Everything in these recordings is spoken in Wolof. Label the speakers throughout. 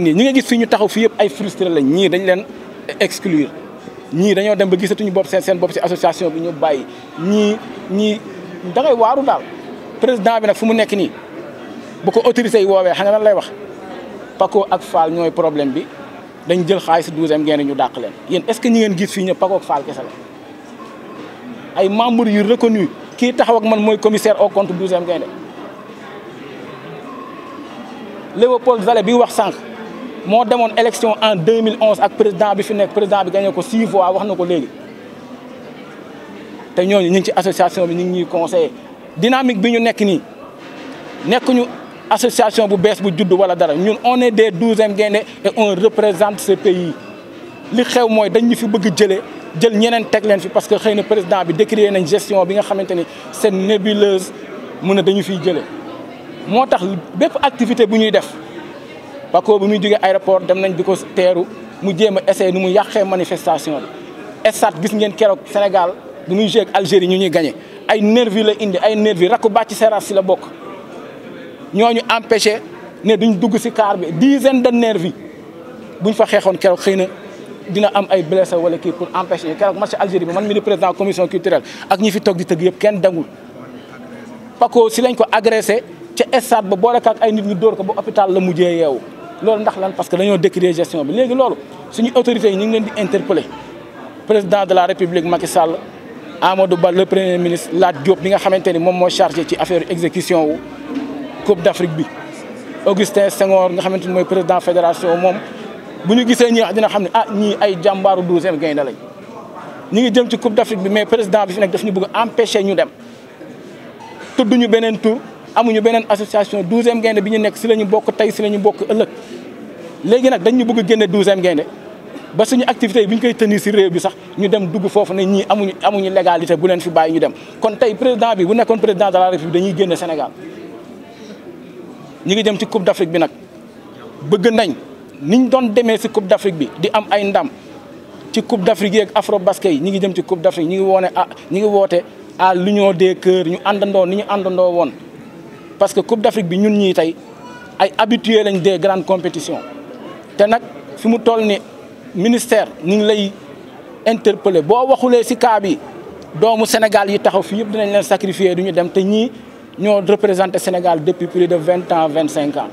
Speaker 1: ñi nga gis fii ñu taxaw fii yëpp ay frustré lañ ñii dañ leen exclure ñii dañoo dem ba gisatuñu bopp seen seen bopp ci association bi ñu bàyyi ñii ñii da ngay waaru daal président bi nag fu mu nekk nii bu ko autorisé yi woowee xam nga lan lay wax Paco ak Fall ñooy problème bi dañ jël xaalis douzième ngeen ñu dàq leen yéen est ce que ñi ngeen gis fii ñëpp Paco ak Fall kese la ay membres yu reconnu kii taxaw ak man mooy commissaire au compte douzième ngeen Léopold Zale bi wax sànq moo demoon élection en 2011 ak président bi fi nekk président bi gagné ko six fois wax na ko léegi te ñooñu ñu ngi ci association bi ñu ngi ñuy conseillé dynamique bi ñu nekk nii nekkuñu association bu bees bu judd wala dara ñun on est des douzième gaynde et on représente ce pays li xew mooy dañ ñu fi bëgg jëlee jël ñeneen teg leen fi parce que xëy na président bi décrié nañ gestion bi nga xamante ni c'est nébuleuse mun na dañu fiy jële moo tax bépp activité bu ñuy def Paco bi muy jógee aéroport dem nañ di ko teeru mu jéem a essayé nu mu yàqee manifestation la stade gis ngeen keroog Sénégal bi muy joué ak Algérie ñu ñuy gagné ay nervi la indi ay nervi rakku ci seras si la bokk ñooñu empêché ne duñ dugg si car bi dizaine de nervi buñ fa xeexoon keroog xëy na dina am ay blessé wala kii pour empêcher keroog match Algérie bi man mi di président commission culturelle ak ñi fi toog di tëgg yëpp kenn dangul Paco si ko agressé ca stade ba boole ak ay nit ñu dóor ko ba hôpital la mujjee yeewu loolu ndax lan parce que dañoo décrier gestion bi léegi loolu ñu autorités yi ñu ngi leen di interpeller président de la république Macky Sall Amadou Ba le premier ministre Lat Diop bi nga xamante ni moom moo chargé ci affaire exécution wu Coupe d'Afrique bi Augustin Senghor nga xamante ni mooy président fédération moom bu ñu gisee ñi dina xam ne ah ñii ay jàmbaaru douzième gaynde lañ ñu ngi jëm ci Coupe d'Afrique bi mais président bi fi nekk daf ñu bëgg empêcher ñu dem tudd ñu beneen tour amuñu beneen association douzième gaynde bi ñu nekk si la ñu bokk tey si la bokk ëllëg léegi nag dañu ñu bëgg génne douzième gaynde ba suñu activité yi bi ñu koy si réew bi sax ñu dem dugg foofu ne ñii amuñu amuñu légalité bu leen fi bàyyi ñu dem kon tey président bi bu nekkoon président de la république dañuy génne Sénégal ñu ngi dem ci coupe d' bi nag bëgg nañ niñ doon demee si coupe d' bi di am ay ndam ci coupe d' afrique yi ak afro basket yi ñi ngi jëm ci coupe d' afrique ñi ngi woone ah ñi ngi woote à l'union des cœurs ñu àndandoo ni ñu àndandoo woon parce que Coupe d'Afrique bi ñun ñii tey ay habitué lañ des grandes compétitions te nag fi mu toll ni ministère ñu ngi lay interpellé boo waxulee si cas bi doomu Sénégal yi taxaw fii yëpp danañ leen sacrifier du ñu dem te ñii ñoo représenté Sénégal depuis plus de vingt ans vingt cinq ans.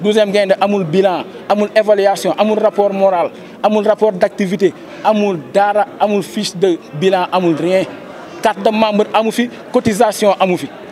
Speaker 1: douzième gaynde amul bilan amul évaluation amul rapport moral amul rapport d'activité amul dara amul fiche de bilan amul rien carte de membre amu fi cotisation amu fi.